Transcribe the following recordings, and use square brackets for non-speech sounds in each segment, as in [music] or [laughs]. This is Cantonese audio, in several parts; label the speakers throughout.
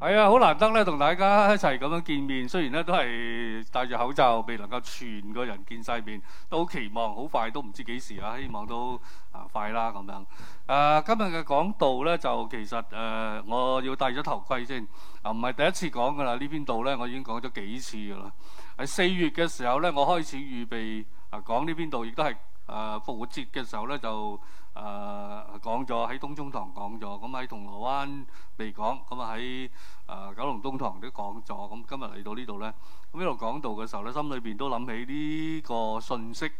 Speaker 1: 係啊，好、哎、難得咧，同大家一齊咁樣見面。雖然咧都係戴住口罩，未能夠全個人見晒面，都好期望好快都唔知幾時啊！希望都啊快啦咁樣。誒、呃，今日嘅講道咧就其實誒、呃，我要戴咗頭盔先。啊、呃，唔係第一次講㗎啦，邊呢篇道咧，我已經講咗幾次㗎啦。喺四月嘅時候咧，我開始預備啊講呢篇道亦都係誒、呃、復活節嘅時候咧就。誒、呃、講咗喺東中堂講咗，咁、嗯、喺銅鑼灣未講，咁啊喺誒九龍東堂都講咗。咁、嗯、今日嚟到呢度呢，咁一路講道嘅時候呢，心裏邊都諗起呢個信息。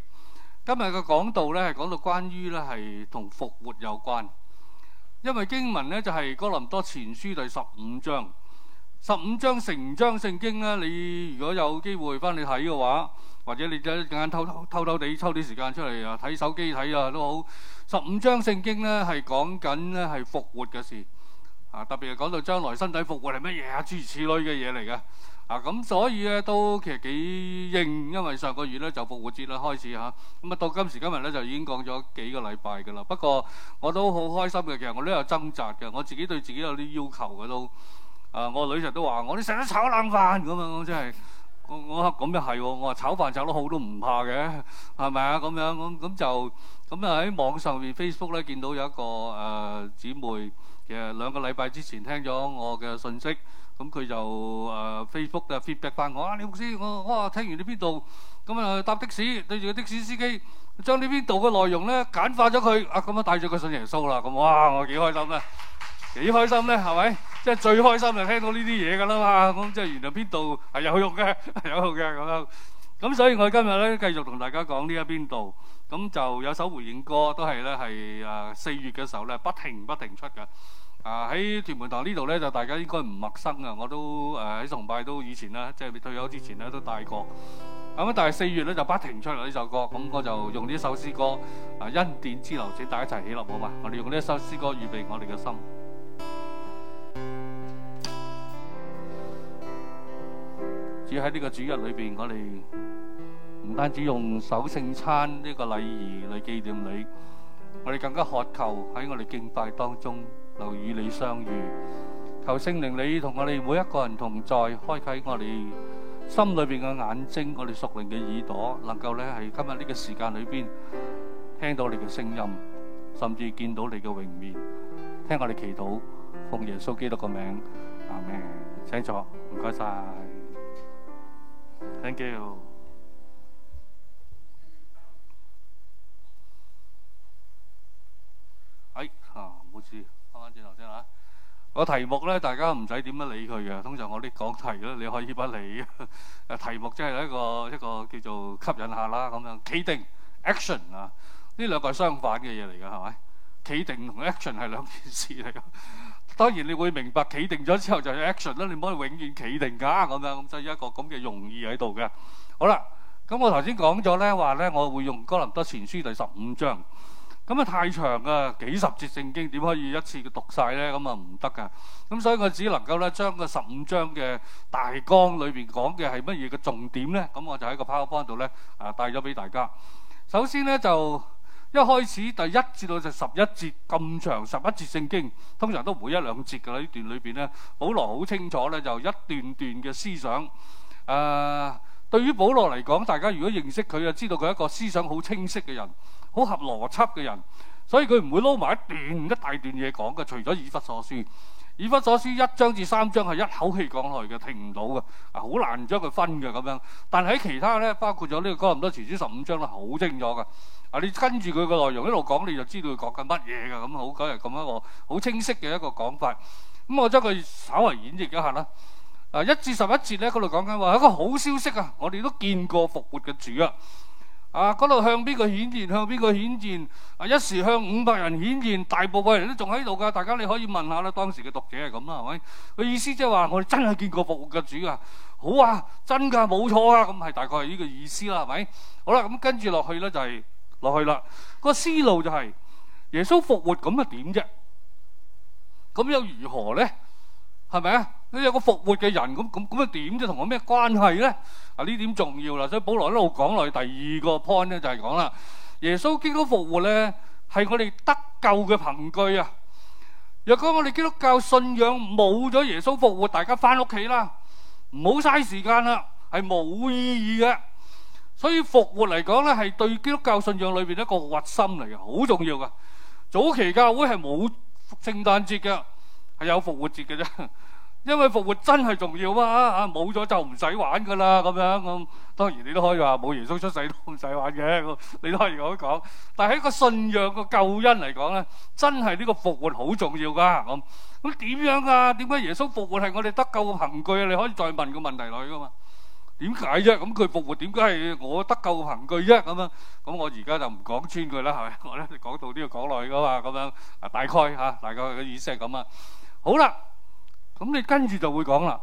Speaker 1: 今日嘅講道呢，係講到關於呢係同復活有關，因為經文呢，就係、是、哥林多前書第十五章，十五章成章聖經呢。你如果有機會翻去睇嘅話。或者你一陣間偷偷偷偷地抽啲時間出嚟啊，睇手機睇啊都好。十五章聖經呢係講緊呢係復活嘅事，啊特別係講到將來身體復活係乜嘢啊，諸如此類嘅嘢嚟嘅。啊咁、嗯、所以呢都其實幾應，因為上個月呢就復活節啦開始吓。咁啊、嗯、到今時今日呢，就已經講咗幾個禮拜㗎啦。不過我都好開心嘅，其實我都有掙扎嘅，我自己對自己有啲要求嘅都。啊我女婿都話我啲成日炒冷飯咁樣，我真係。就是我我咁又係喎，我話炒飯炒得好都唔怕嘅，係咪啊？咁樣咁咁就咁啊，喺網上面 Facebook 咧見到有一個誒姊妹，其實兩個禮拜之前聽咗我嘅信息，咁佢就誒 Facebook 嘅 feedback 翻我啦，你好知我哇聽完呢邊度，咁啊搭的士對住個的士司機，將呢邊度嘅內容咧簡化咗佢，啊咁樣帶咗個信耶穌啦，咁哇我幾開心嘅，幾開心咧係咪？即係最開心就聽到呢啲嘢㗎啦嘛，咁即係原來邊度係有用嘅，有用嘅咁樣。咁所以我今日咧繼續同大家講呢一邊度。咁就有首回應歌，都係咧係誒四月嘅時候咧不停不停出㗎。啊喺屯門堂呢度咧就大家應該唔陌生啊，我都誒喺崇拜都以前咧即係退休之前咧都帶過。咁啊但係四月咧就不停出嚟呢首歌，咁我就用呢一首詩歌啊恩典之流，請大家一齊起立好嘛？我哋用呢一首詩歌預備我哋嘅心。喺呢個主日裏邊，我哋唔單止用守聖餐呢個禮儀嚟紀念你，我哋更加渴求喺我哋敬拜當中留與你相遇。求聖靈，你同我哋每一個人同在，開啟我哋心裏邊嘅眼睛，我哋屬靈嘅耳朵，能夠咧係今日呢個時間裏邊聽到你嘅聲音，甚至見到你嘅榮面。聽我哋祈禱，奉耶穌基督嘅名，阿門，請坐，唔該晒。Thank you、哎。係啊，唔好意思。翻返轉頭先嚇。啊，這個題目咧，大家唔使點樣理佢嘅。通常我啲講題咧，你可以不理。誒、啊、題目真係一個一個叫做吸引下啦咁樣。企定 action 啊，呢兩個係相反嘅嘢嚟㗎，係咪？企定同 action 係兩件事嚟㗎。啊當然你會明白，企定咗之後就要 action 啦，你唔可以永遠企定㗎咁樣，咁即係一個咁嘅容易喺度嘅。好啦，咁我頭先講咗呢話呢，我會用《哥林多前書》第十五章，咁啊太長啊，幾十節聖經點可以一次嘅讀晒呢？咁啊唔得㗎，咁所以我只能夠呢將個十五章嘅大綱裏邊講嘅係乜嘢嘅重點呢？咁我就喺個 powerpoint 度呢啊帶咗俾大家。首先呢，就。一開始第一節到就十一節咁長，十一節聖經通常都唔會一兩節噶啦。呢段裏邊呢，保羅好清楚呢，就一段段嘅思想。誒、呃，對於保羅嚟講，大家如果認識佢就知道佢係一個思想好清晰嘅人，好合邏輯嘅人，所以佢唔會撈埋一段一大段嘢講嘅。除咗以弗所書，以弗所書，一章至三章係一口氣講落去嘅，停唔到嘅，啊，好難將佢分嘅咁樣。但喺其他呢，包括咗呢個哥林多前書十五章咧，好清楚嘅。啊！你跟住佢個內容一路講，你就知道佢講緊乜嘢噶咁好。梗係咁一個好清晰嘅一個講法，咁、嗯、我將佢稍微演繹一下啦。啊，一至十一節咧，嗰度講緊話一個好消息啊！我哋都見過復活嘅主啊！啊，嗰度向邊個顯現？向邊個顯現？啊，一時向五百人顯現，大部分人都仲喺度噶。大家你可以問下啦，當時嘅讀者係咁啦，係咪？個意思即係話我哋真係見過復活嘅主啊！好啊，真噶，冇錯啊！咁係大概係呢個意思啦，係咪？好啦、啊，咁、嗯、跟住落去咧就係、是。落去啦，個思路就係耶穌復活，咁啊點啫？咁又如何咧？係咪啊？你有個復活嘅人咁咁咁啊點啫？同我咩關係咧？啊，呢點重要啦！所以保羅一路講落去，第二個 point 咧就係講啦，耶穌基督復活咧係我哋得救嘅憑據啊！若果我哋基督教信仰冇咗耶穌復活，大家翻屋企啦，唔好嘥時間啦，係冇意義嘅。所以復活嚟講咧，係對基督教信仰裏邊一個核心嚟嘅，好重要㗎。早期教會係冇聖誕節嘅，係有復活節嘅啫。因為復活真係重要啊！嚇，冇咗就唔使玩噶啦咁樣咁。當然你都可以話冇耶穌出世都唔使玩嘅，你都可以咁講。但係喺個信仰個救恩嚟講咧，真係呢個復活好重要㗎。咁咁點樣啊？點解耶穌復活係我哋得救嘅憑據啊？你可以再問個問題落㗎嘛？點解啫？咁佢復活點解係我得救憑據啫？咁啊，咁我而家就唔講穿佢啦，係咪？我咧講到呢度講耐噶嘛，咁樣啊，大概吓，大概嘅意思係咁啊。好啦，咁你跟住就會講啦。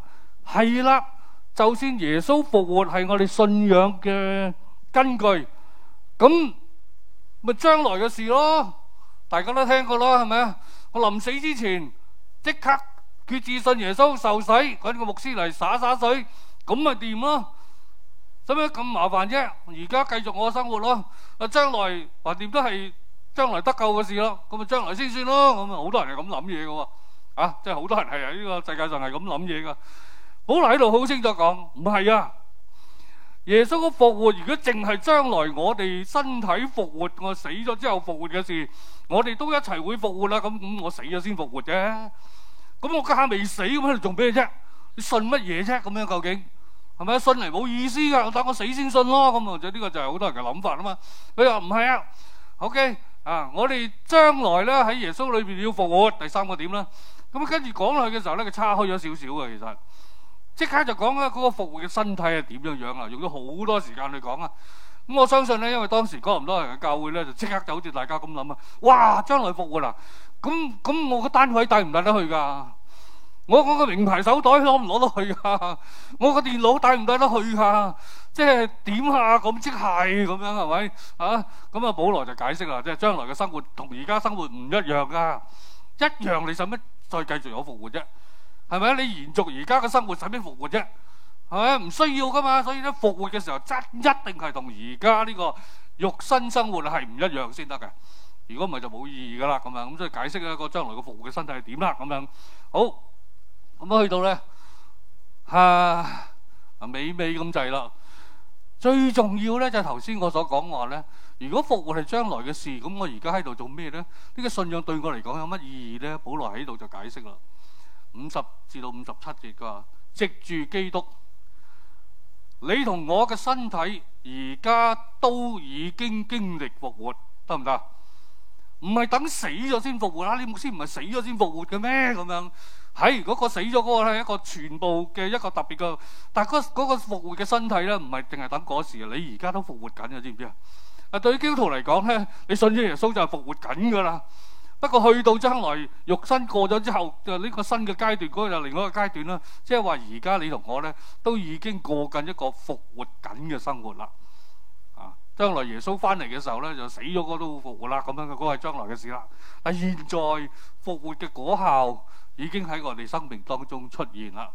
Speaker 1: 係啦，就算耶穌復活係我哋信仰嘅根據，咁咪將來嘅事咯。大家都聽過啦，係咪啊？我臨死之前即刻決志信耶穌受死，揾個牧師嚟灑灑水。咁咪掂咯，使咩咁麻煩啫？而家繼續我嘅生活咯。啊，將來話掂都係將來得救嘅事咯。咁啊，將來先算咯。咁啊，好多人係咁諗嘢嘅喎。啊，即係好多人係喺呢個世界上係咁諗嘢嘅。好啦，喺度好清楚講，唔係啊。耶穌嘅復活，如果淨係將來我哋身體復活，我死咗之後復活嘅事，我哋都一齊會復活啦。咁咁，我死咗先復活啫。咁我家下未死，咁喺度做咩啫？你信乜嘢啫？咁樣究竟？係咪信嚟冇意思噶？我等我死先信咯咁啊！即係呢個就係好多人嘅諗法啊嘛。佢話唔係啊，OK 啊，我哋將來咧喺耶穌裏邊要復活，第三個點啦。咁啊，跟住講落去嘅時候咧，佢岔開咗少少嘅，其實即刻就講咧嗰個復活嘅身體係點樣樣啊？用咗好多時間去講啊。咁我相信咧，因為當時哥林多人嘅教會咧，就即刻就好似大家咁諗啊！哇，將來復活啦，咁咁我個單位帶唔帶得去噶？我我個名牌手袋攞唔攞得去啊？我個電腦帶唔帶得去啊？即係點啊？咁即係咁樣係咪啊？咁啊，保羅就解釋啦，即係將來嘅生活同而家生活唔一樣噶，一樣你使乜再繼續有復活啫？係咪？你延續而家嘅生活使乜復活啫？係咪唔需要噶嘛？所以咧，復活嘅時候一一定係同而家呢個肉身生活係唔一樣先得嘅。如果唔係就冇意義噶啦。咁樣咁所以解釋一個將來嘅復活嘅身體係點啦。咁樣好。咁啊，去到咧，啊，美美咁滯啦。最重要咧就係頭先我所講話咧，如果復活係將來嘅事，咁我而家喺度做咩咧？呢個信仰對我嚟講有乜意義咧？保羅喺度就解釋啦，五十至到五十七節嘅話，藉住基督，你同我嘅身體而家都已經經歷復活，得唔得？唔係等死咗先復活啦？你牧師唔係死咗先復活嘅咩？咁樣。喺嗰、哎嗰個死咗嗰個咧，一個全部嘅一個特別嘅，但係嗰嗰個復活嘅身體咧，唔係淨係等嗰時，你而家都在復活緊嘅，知唔知啊？啊，對於基督徒嚟講咧，你信咗耶穌就係復活緊噶啦。不過去到將來肉身過咗之後，就呢個新嘅階段嗰、嗰個另外一個階段啦。即係話而家你同我咧都已經過緊一個復活緊嘅生活啦。啊，將來耶穌翻嚟嘅時候咧，就死咗嗰度都復活啦，咁樣嘅嗰係將來嘅事啦。但係現在復活嘅果效。已經喺我哋生命當中出現啦，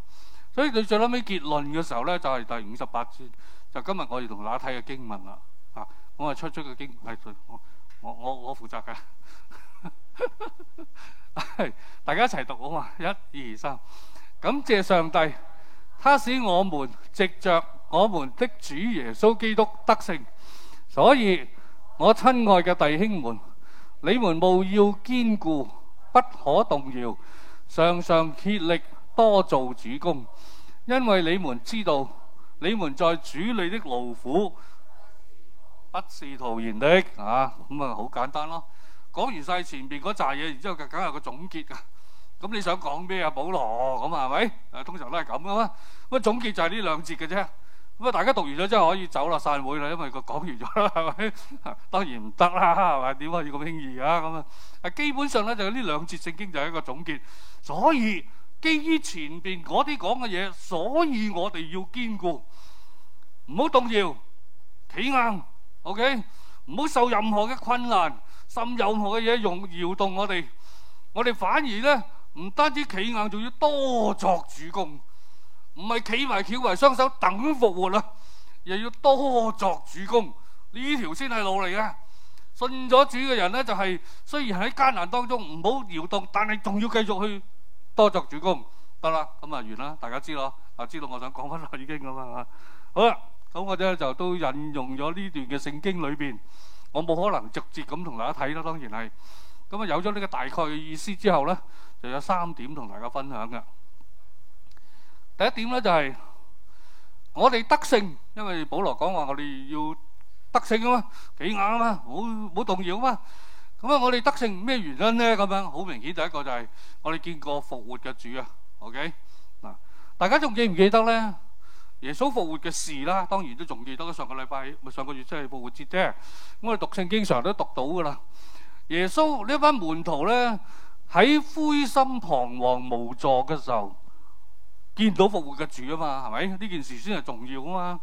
Speaker 1: 所以你最屘結論嘅時候呢，就係第五十八節，就今日我要同大家睇嘅經文啦吓，我啊出出個經係我我我我負責嘅， [laughs] 大家一齊讀好嘛，一、二、三，感謝上帝，他使我們藉着我們的主耶穌基督得勝，所以我親愛嘅弟兄們，你們務要堅固，不可動搖。常常竭力多做主工，因為你們知道你們在主裏的勞苦不是徒然的啊！咁啊，好簡單咯。講完晒前邊嗰扎嘢，然之後就梗係個總結噶。咁你想講咩啊？保羅咁係咪？誒、啊，通常都係咁噶嘛。乜總結就係呢兩節嘅啫。咁啊！大家讀完咗，之後可以走啦，散會啦，因為佢講完咗啦，係咪？當然唔得啦，係咪？點可以咁輕易啊？咁啊，係基本上咧，就呢兩節聖經就係一個總結。所以基於前邊嗰啲講嘅嘢，所以我哋要堅固，唔好動搖，企硬，OK，唔好受任何嘅困難，甚任何嘅嘢用搖動我哋，我哋反而咧唔單止企硬，仲要多作主工。唔係企埋翹埋雙手等復活啦，又要多作主工。呢條先係努力嘅。信咗主嘅人呢，就係雖然喺艱難當中唔好搖動，但係仲要繼續去多作主工。得啦。咁啊，完啦，大家知咯。啊，知道我想講翻啦，已經咁樣啦，吓，好啦。咁我哋呢就都引用咗呢段嘅聖經裏邊，我冇可能直接咁同大家睇啦。當然係咁啊，有咗呢個大概嘅意思之後呢，就有三點同大家分享嘅。第一點咧就係我哋得勝，因為保羅講話我哋要得勝啊嘛，幾硬啊嘛，冇冇動搖啊嘛。咁啊，我哋得勝咩原因咧？咁樣好明顯，第一個就係我哋見過復活嘅主啊。OK 嗱，大家仲記唔記得咧？耶穌復活嘅事啦，當然都仲記得。上個禮拜咪上個月即係復活節啫。我哋讀聖經經常都讀到噶啦。耶穌呢班門徒咧喺灰心彷徨無助嘅時候，見到復活嘅主啊嘛，係咪呢件事先係重要啊嘛？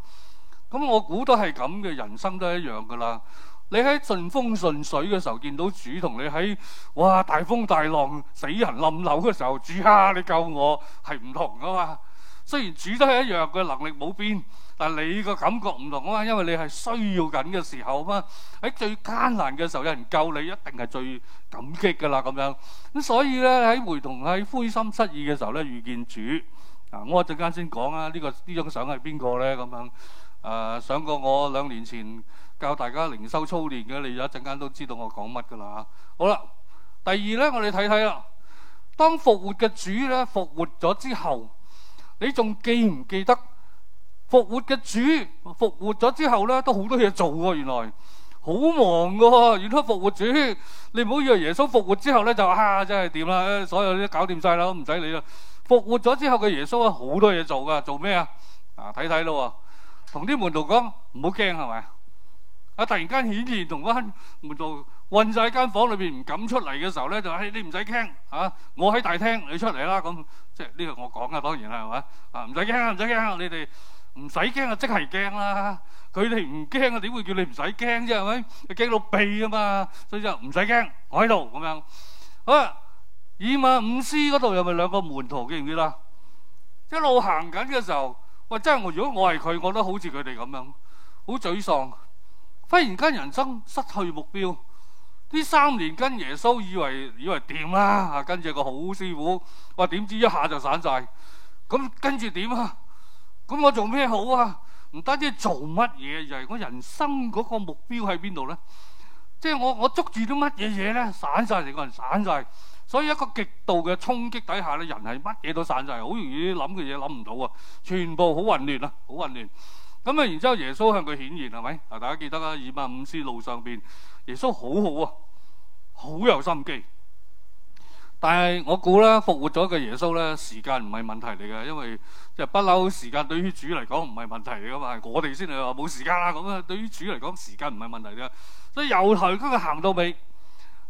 Speaker 1: 咁我估都係咁嘅，人生都係一樣噶啦。你喺順風順水嘅時候見到主，同你喺哇大風大浪死人冧樓嘅時候，主啊你救我係唔同噶嘛。雖然主都係一樣嘅能力冇變，但係你個感覺唔同啊嘛，因為你係需要緊嘅時候啊嘛。喺最艱難嘅時候有人救你，一定係最感激噶啦咁樣。咁所以咧喺回同喺灰心失意嘅時候咧遇見主。嗱、啊，我一陣間先講啊，這個、張呢個呢張相係邊個咧？咁樣誒，上、呃、過我兩年前教大家靈修操練嘅，你一陣間都知道我講乜噶啦嚇。好啦，第二咧，我哋睇睇啦。當復活嘅主咧復活咗之後，你仲記唔記得，復活嘅主復活咗之後咧都好多嘢做喎，原來好忙喎。原來復活主，你唔好以為耶穌復活之後咧就啊真係掂啦，所有啲搞掂曬啦，唔使理啦。復活咗之後嘅耶穌啊，好多嘢做噶，做咩啊？啊，睇睇咯，同啲門徒講，唔好驚係咪？啊，突然間顯然，同嗰啲門徒困晒喺間房裏邊，唔敢出嚟嘅時候咧，就話、哎、你唔使驚啊，我喺大廳，你出嚟啦咁，即係呢個我講嘅當然係咪？啊，唔使驚啊，唔使驚，你哋唔使驚啊，即係驚啦，佢哋唔驚啊，點會叫你唔使驚啫？係咪？你驚到痹啊嘛，所以就唔使驚，我喺度咁樣，好、啊、啦。以馬忤斯嗰度有咪兩個門徒記唔記得？一路行緊嘅時候，喂，真係我如果我係佢，我都好似佢哋咁樣，好沮喪。忽然間人生失去目標，呢三年跟耶穌以為以為掂啦，啊，跟住個好師傅，話點知一下就散晒。咁跟住點啊？咁、嗯、我做咩好啊？唔單止做乜嘢，就係我人生嗰個目標喺邊度咧？即係我我捉住啲乜嘢嘢咧，散晒，成個人散晒。所以一個極度嘅衝擊底下咧，人係乜嘢都散晒，好容易諗嘅嘢諗唔到啊！全部好混亂啊，好混亂。咁啊，然之後耶穌向佢顯現，係咪啊？大家記得啊，以馬忤斯路上邊，耶穌好好啊，好有心機。但係我估啦，復活咗嘅耶穌咧，時間唔係問題嚟嘅，因為即係不嬲時間對於主嚟講唔係問題噶嘛，我哋先係話冇時間啦咁啊。對於主嚟講，時間唔係問題㗎，所以由頭跟佢行到尾。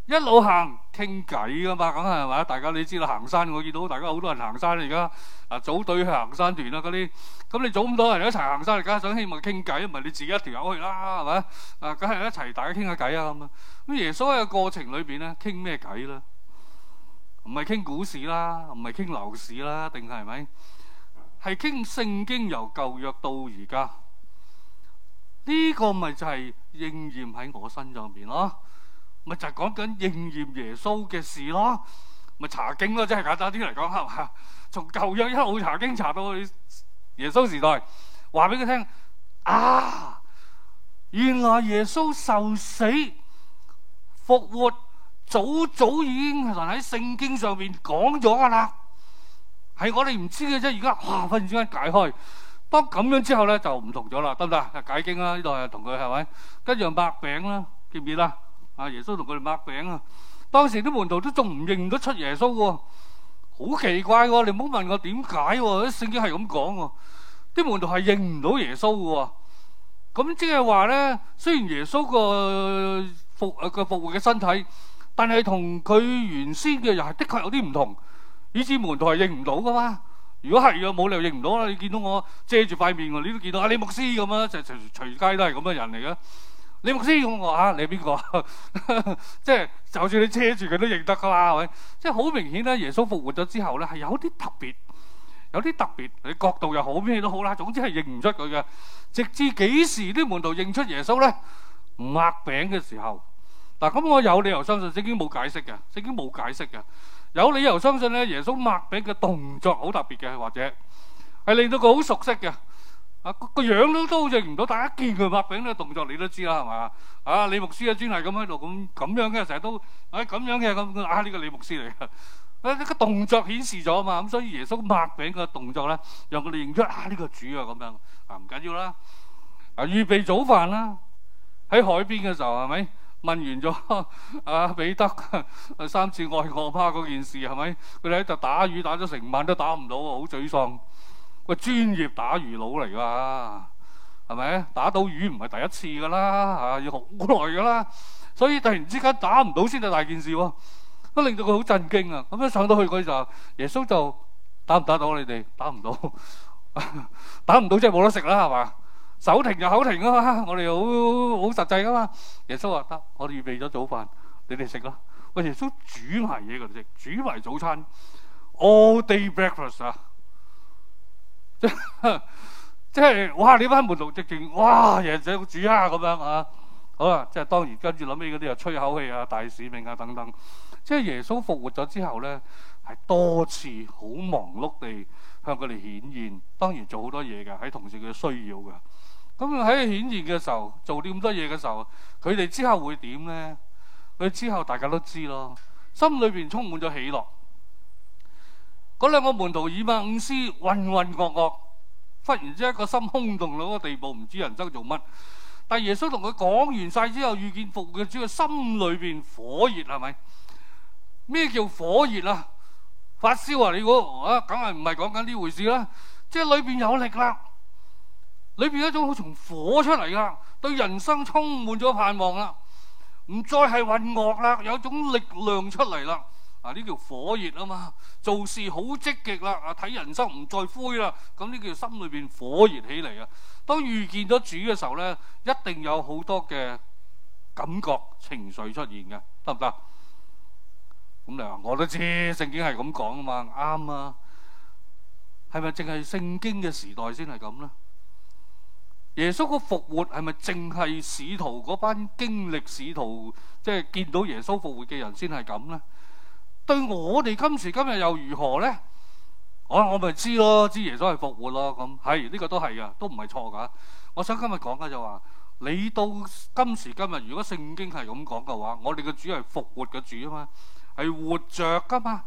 Speaker 1: 一路行傾偈噶嘛，梗係係嘛？大家你知道，行山我見到大家好多人行山，而家啊組隊去行山團啦嗰啲，咁你組咁多人一齊行山，而家想希望傾偈，唔係你自己一條友去啦，係咪？啊，梗係一齊大家傾下偈啊咁啊！咁耶穌喺個過程裏邊咧，傾咩偈咧？唔係傾股市啦，唔係傾樓市啦，定係咪？係傾聖經由舊約到而家，呢個咪就係應驗喺我身上邊咯。咪就係講緊應驗耶穌嘅事咯，咪查經咯，即係簡單啲嚟講係咪？從舊約一路查經查到去耶穌時代，話俾佢聽啊，原來耶穌受死復活，早早已經係喺聖經上面講咗噶啦，係我哋唔知嘅啫。而家嚇忽然之間解開，當咁樣之後咧就唔同咗啦，得唔得？解經啦，呢度係同佢係咪？跟住用白餅啦，記唔記得？阿耶穌同佢哋擘餅啊！當時啲門徒都仲唔認得出耶穌喎、哦，好奇怪喎、哦！你唔好問我點解喎，啲聖經係咁講喎，啲門徒係認唔到耶穌嘅喎。咁即係話咧，雖然耶穌個復誒個復活嘅身體，但係同佢原先嘅又係的確有啲唔同。以至門徒係認唔到嘅嘛。如果係，又冇理由認唔到啦。你見到我遮住塊面喎，你都見到阿里木斯咁啊，就隨隨街都係咁嘅人嚟嘅。你唔知我吓，你係邊個？即係就算你遮住佢都認得噶啦，喂！即係好明顯啦，耶穌復活咗之後咧，係有啲特別，有啲特別，你角度又好，咩都好啦。總之係認唔出佢嘅，直至幾時啲門徒認出耶穌咧？擘餅嘅時候，嗱咁，我有理由相信聖經冇解釋嘅，聖經冇解釋嘅，有理由相信咧，耶穌擘餅嘅動作好特別嘅，或者係令到佢好熟悉嘅。啊，個個樣都都認唔到，大家見佢擘餅啲動作，你都知啦，係嘛？啊，李牧師啊，專係咁喺度咁咁樣嘅，成日都誒咁樣嘅，咁啊呢個李牧師嚟嘅，啊個動作顯示咗啊嘛，咁所以耶穌擘餅個動作咧，讓佢哋認出啊呢、呢個主啊咁樣啊唔緊要啦，啊預備早飯啦，喺海邊嘅時候係咪問完咗阿、啊啊、彼得三次愛我嗎嗰件事係咪？佢哋喺度打魚打咗成晚都打唔到好沮喪。個專業打魚佬嚟噶，係咪？打到魚唔係第一次噶啦，吓、啊、要好耐噶啦，所以突然之間打唔到先係大件事喎、啊，都、啊、令到佢好震驚啊！咁、啊、一上到去佢就，耶穌就打唔打到、啊、你哋？打唔到， [laughs] 打唔到即係冇得食啦，係嘛？手停就口停啊嘛，我哋好好實際噶嘛。耶穌話得，我哋預備咗早飯，你哋食咯。喂、啊，耶穌煮埋嘢佢哋食，煮埋早餐，all day breakfast 啊！ [laughs] 即即係哇！你班門徒直情哇！耶穌煮蝦咁樣啊！好啦，即係當然跟住諗起嗰啲又吹口氣啊、大使命啊等等。即係耶穌復活咗之後呢，係多次好忙碌地向佢哋顯現，當然做好多嘢噶，喺同時佢需要噶。咁喺顯現嘅時候，做咗咁多嘢嘅時候，佢哋之後會點呢？佢之後大家都知咯，心裏邊充滿咗喜樂。嗰兩個門徒以馬忤斯，渾渾噩噩，忽然之間，一個心空洞到個地步，唔知人生做乜。但耶穌同佢講完晒之後，遇見復活主要，心裏邊火熱係咪？咩叫火熱啊？發燒啊？你估啊？梗係唔係講緊呢回事啦。即係裏邊有力啦，裏邊一種好從火出嚟噶，對人生充滿咗盼望啦，唔再係混噩啦，有種力量出嚟啦。啊！呢叫火熱啊嘛，做事好積極啦。啊，睇人生唔再灰啦。咁呢叫心裏邊火熱起嚟啊。當遇見咗主嘅時候呢，一定有好多嘅感覺情緒出現嘅，得唔得？咁、嗯、你話我都知，聖經係咁講啊嘛，啱啊。係咪淨係聖經嘅時代先係咁呢？耶穌個復活係咪淨係使徒嗰班經歷使徒，即係見到耶穌復活嘅人先係咁呢？對我哋今時今日又如何呢？啊，我咪知咯，知耶穌係復活咯。咁係呢個都係啊，都唔係錯噶。我想今日講嘅就話、是，你到今時今日，如果聖經係咁講嘅話，我哋嘅主係復活嘅主啊嘛，係活着噶嘛。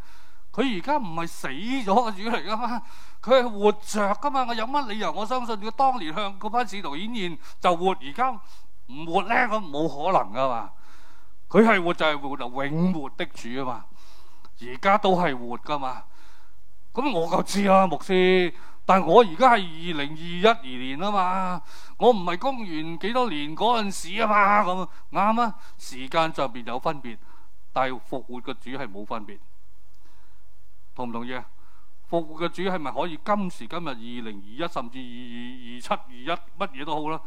Speaker 1: 佢而家唔係死咗嘅主嚟噶嘛，佢係活着噶嘛。我有乜理由我相信佢當年向嗰班使徒顯現就活，而家唔活咧？咁冇可能噶嘛。佢係活就係活，就永活的主啊嘛。而家都係活噶嘛？咁我就知啦，牧師。但我而家係二零二一而年啊嘛，我唔係公元幾多年嗰陣時啊嘛，咁啱啊。時間就邊有分別，但係復活嘅主係冇分別。同唔同意啊？復活嘅主係咪可以今時今日二零二一，甚至二二二七二一，乜嘢都好啦，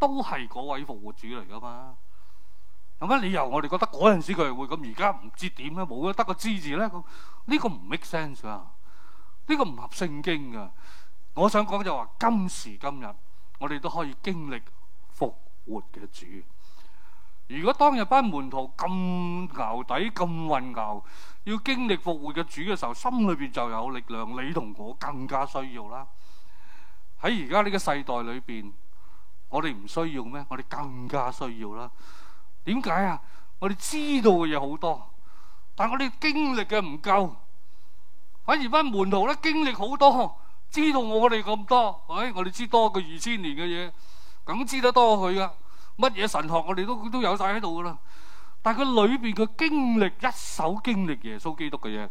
Speaker 1: 都係嗰位復活主嚟噶嘛？有乜理由？我哋覺得嗰陣時佢哋會咁，而家唔知點咧，冇咧，得、這個之字咧。呢、這個唔 make sense 啊！呢個唔合聖經噶。我想講就話、是、今時今日，我哋都可以經歷復活嘅主。如果當日班門徒咁牛底、咁混淆，要經歷復活嘅主嘅時候，心裏邊就有力量。你同我更加需要啦。喺而家呢個世代裏邊，我哋唔需要咩？我哋更加需要啦。點解啊？我哋知道嘅嘢好多，但係我哋經歷嘅唔夠。反而翻門徒咧，經歷好多，知道我哋咁多。哎，我哋知多過二千年嘅嘢，梗知得多佢噶。乜嘢神學我哋都都有晒喺度噶啦。但係佢裏邊嘅經歷，一手經歷耶穌基督嘅嘢，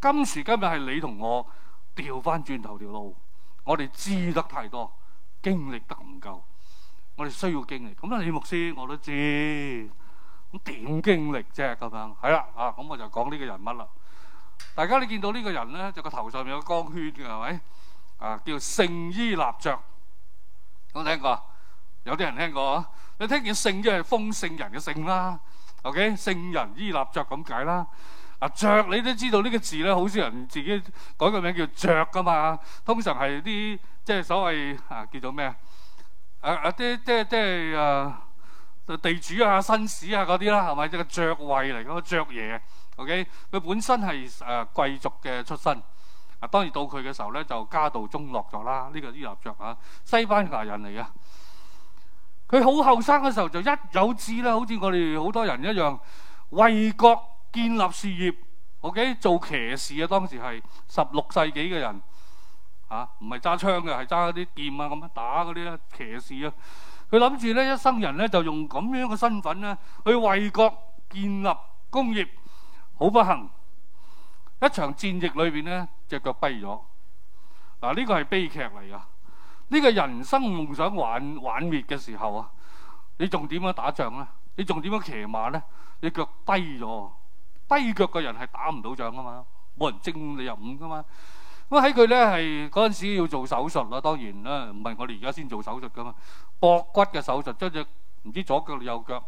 Speaker 1: 今時今日係你同我掉翻轉頭條路。我哋知得太多，經歷得唔夠。我哋需要經歷，咁啦，你牧師我都知，咁點經歷啫咁樣？係啦，啊，咁我就講呢個人物啦。大家你見到呢個人咧，就個頭上面有光圈嘅係咪？啊，叫聖依納爵，有冇聽過？有啲人聽過，啊。你聽見聖，即係封聖人嘅聖啦。OK，聖人依納爵咁解啦。啊，爵你都知道個呢個字咧，好少人自己改個名叫爵㗎嘛。通常係啲即係所謂啊叫做咩啊？誒誒啲啲啲誒地主啊、紳士啊嗰啲啦，係咪？即係爵位嚟，嗰爵爺。OK，佢本身係誒、呃、貴族嘅出身。啊，當時到佢嘅時候咧，就家道中落咗啦。呢、這個伊納爵啊，西班牙人嚟嘅。佢好後生嘅時候就一有志啦，好似我哋好多人一樣，為國建立事業。OK，做騎士啊，當時係十六世紀嘅人。啊，唔係揸槍嘅，係揸啲劍啊咁樣打嗰啲騎士啊。佢諗住咧，一生人呢，就用咁樣嘅身份呢，去為國建立功業，好不幸。一場戰役裏邊呢，隻腳跛咗。嗱、啊、呢、這個係悲劇嚟啊！呢、這個人生夢想幻幻滅嘅時候啊，你仲點樣打仗咧？你仲點樣騎馬呢？你腳跛咗，跛腳嘅人係打唔到仗啊嘛，冇人徵你入伍噶嘛。咁喺佢呢係嗰陣時要做手術啦，當然啦，唔係我哋而家先做手術噶嘛，駁骨嘅手術將隻唔知左腳定右腳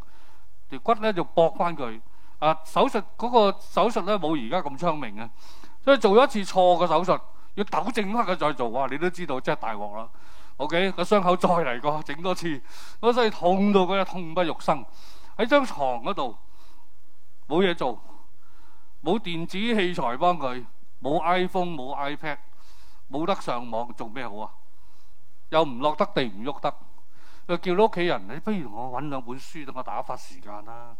Speaker 1: 條骨呢就駁翻佢。啊，手術嗰個手術呢冇而家咁昌明啊，所以做一次錯嘅手術，要糾正翻佢再做，哇！你都知道，真係大鑊啦。OK，個傷口再嚟過，整多次，我真係痛到佢痛不欲生，喺張床嗰度冇嘢做，冇電子器材幫佢。冇 iPhone 冇 iPad 冇得上網，做咩好啊？又唔落得地，唔喐得，又叫到屋企人，你不如我搵兩本書等我打發時間啦，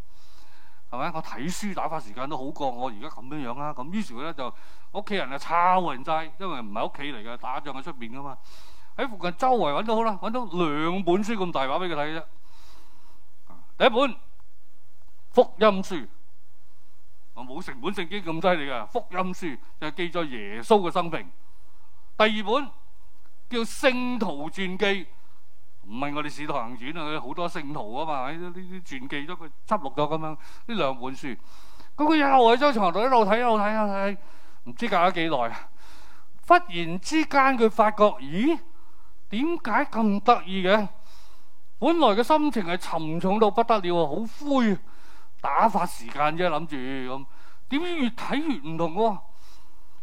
Speaker 1: 啊，係咪？我睇書打發時間都好過我而家咁樣樣、啊、啦。咁於是佢咧就屋企人啊抄人齋，因為唔係屋企嚟嘅打仗喺出邊噶嘛，喺附近周圍搵都好啦，搵到兩本書咁大把俾佢睇啫。第一本福音書。冇《成本聖經》咁犀利嘅，《福音書》就係記載耶穌嘅生平。第二本叫《聖徒傳記》，唔係我哋《使徒行傳》啊，好多聖徒啊嘛，呢啲傳記都佢輯錄咗咁樣。呢兩本書，咁佢又喺張牀度一路睇一路睇一路睇，唔知隔咗幾耐，忽然之間佢發覺，咦？點解咁得意嘅？本來嘅心情係沉重到不得了，好灰。打發時間啫，諗住咁點知越睇越唔同喎、啊。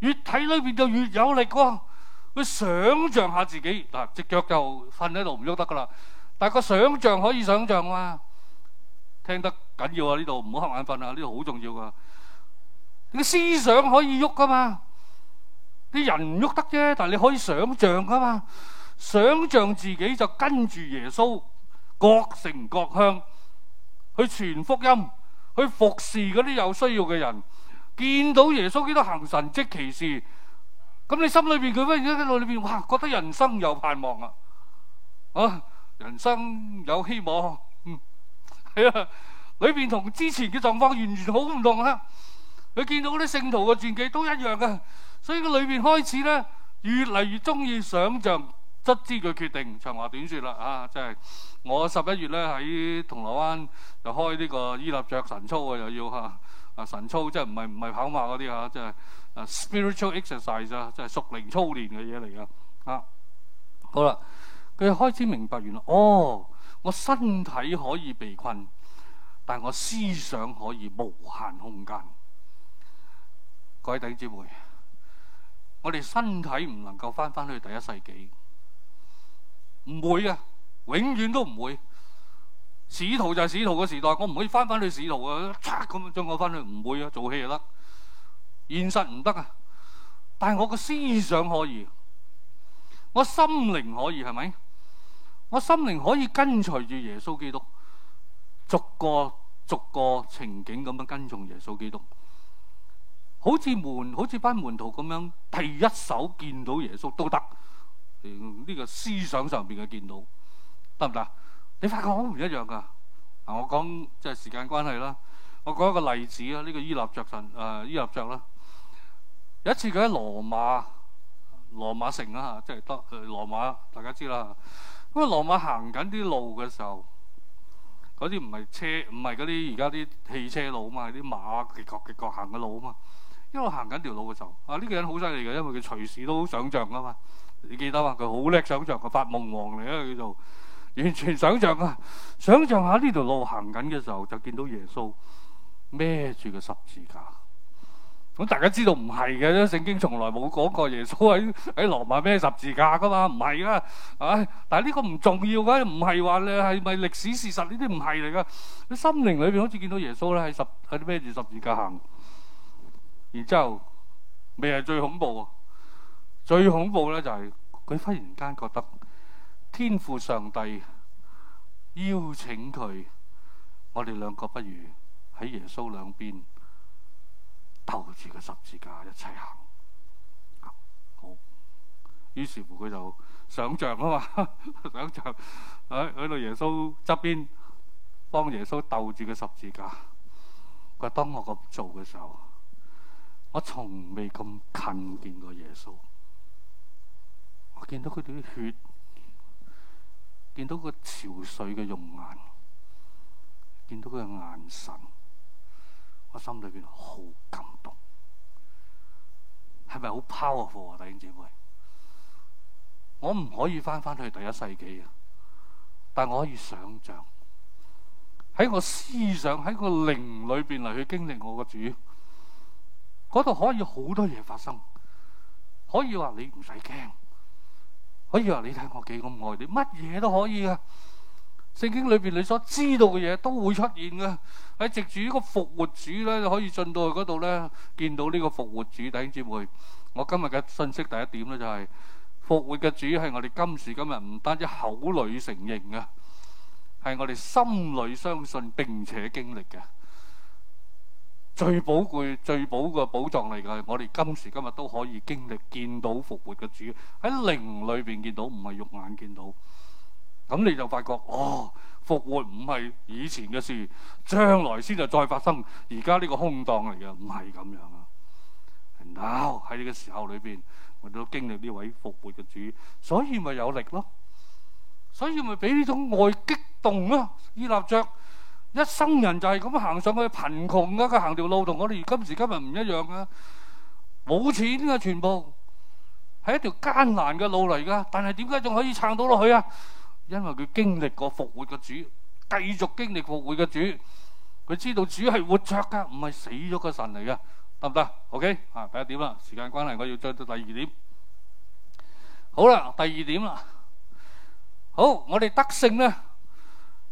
Speaker 1: 越睇裏邊就越有力喎、啊。佢想象下自己嗱，隻、啊、腳就瞓喺度唔喐得噶啦。但係個想象可以想象嘛？聽得緊要啊！呢度唔好瞌眼瞓啊！呢度好重要噶。你思想可以喐噶嘛？啲人唔喐得啫，但係你可以想象噶嘛？想象自己就跟住耶穌，各城各鄉去傳福音。去服侍嗰啲有需要嘅人，見到耶穌幾多行神蹟奇事，咁你心裏邊佢忽然間喺度裏邊哇，覺得人生有盼望啊，啊，人生有希望，啊，嗯，係啊，裏邊同之前嘅狀況完全好唔同啦。佢見到嗰啲聖徒嘅傳記都一樣嘅，啊，所以佢裏邊開始咧，越嚟越中意想象。執資佢決定長話短説啦，啊！即係我十一月咧喺銅鑼灣就開呢個依納爵神操啊，又要嚇啊神操，即係唔係唔係跑馬嗰啲嚇，即係 spiritual exercise 啊，即係屬靈操練嘅嘢嚟噶啊。好啦，佢開始明白完啦哦，我身體可以被困，但我思想可以無限空間。各位弟兄姊妹，我哋身體唔能夠翻翻去第一世紀。唔會啊，永遠都唔會。使徒就係使徒嘅時代，我唔可以翻返去使徒啊！咁樣將我翻去唔會啊，做戲就得。現實唔得啊，但係我個思想可以，我心靈可以，係咪？我心靈可以跟隨住耶穌基督，逐個逐個情景咁樣跟從耶穌基督，好似門好似班門徒咁樣，第一手見到耶穌都得。呢個思想上邊嘅見到得唔得？你發覺好唔一樣㗎。嗱，我講即係時間關係啦。我講一個例子啦。呢、這個伊納爵神誒、呃、伊納爵啦。有一次佢喺羅馬羅馬城啊，即係當羅馬大家知啦。咁啊，羅馬行緊啲路嘅時候，嗰啲唔係車，唔係嗰啲而家啲汽車路啊嘛，啲馬極角極角行嘅路啊嘛。因為條路行緊條路嘅時候，啊呢、這個人好犀利嘅，因為佢隨時都想像㗎嘛。你記得嘛？佢好叻想像，佢發夢王嚟啊！叫做完全想像啊！想像下呢條路行緊嘅時候，就見到耶穌孭住個十字架。咁大家知道唔係嘅啫，聖經從來冇講過耶穌喺喺羅馬孭十字架噶嘛，唔係啊！啊、哎，但係呢個唔重要嘅，唔係話你係咪歷史事實呢啲唔係嚟噶。你心靈裏邊好似見到耶穌咧，喺十喺孭住十字架行。然之後，咪係最恐怖。啊？最恐怖咧，就係佢忽然間覺得天父上帝邀請佢，我哋兩個不如喺耶穌兩邊鬥住個十字架一齊行。好。於是乎佢就想像啊嘛，呵呵想像喺喺度耶穌側邊，幫耶穌鬥住個十字架。佢話：當我咁做嘅時候，我從未咁近見過耶穌。我見到佢哋啲血，見到個憔悴嘅容顏，見到佢嘅眼神，我心裏邊好感動。係咪好 powerful 啊？弟兄姐妹，我唔可以翻翻去第一世紀啊，但我可以想象喺我思想喺個靈裏邊嚟，去經歷我個主，嗰度可以好多嘢發生，可以話你唔使驚。可以話你睇我幾咁愛你，乜嘢都可以啊！聖經裏邊你所知道嘅嘢都會出現嘅。喺藉住呢個復活主呢，你可以進到去嗰度呢，見到呢個復活主。弟兄姊妹，我今日嘅信息第一點呢就係復活嘅主係我哋今時今日唔單止口裏承認嘅，係我哋心裏相信並且經歷嘅。最寶貴、最寶嘅寶藏嚟㗎，我哋今時今日都可以經歷見到復活嘅主喺靈裏邊見到，唔係肉眼見到。咁你就發覺，哦，復活唔係以前嘅事，將來先就再發生。而家呢個空檔嚟嘅，唔係咁樣啊。And now 喺呢個時候裏邊，我哋都經歷呢位復活嘅主，所以咪有力咯，所以咪俾呢種愛激動咯，屹立著。一生人就係咁行上去貧窮噶，佢行條路同我哋而今時今日唔一樣噶，冇錢噶，全部係一條艱難嘅路嚟噶。但係點解仲可以撐到落去啊？因為佢經歷過復活嘅主，繼續經歷過復活嘅主，佢知道主係活著噶，唔係死咗個神嚟噶，得唔得？OK，啊第一點啦，時間關係我要再到第二點。好啦，第二點啦，好我哋得勝咧，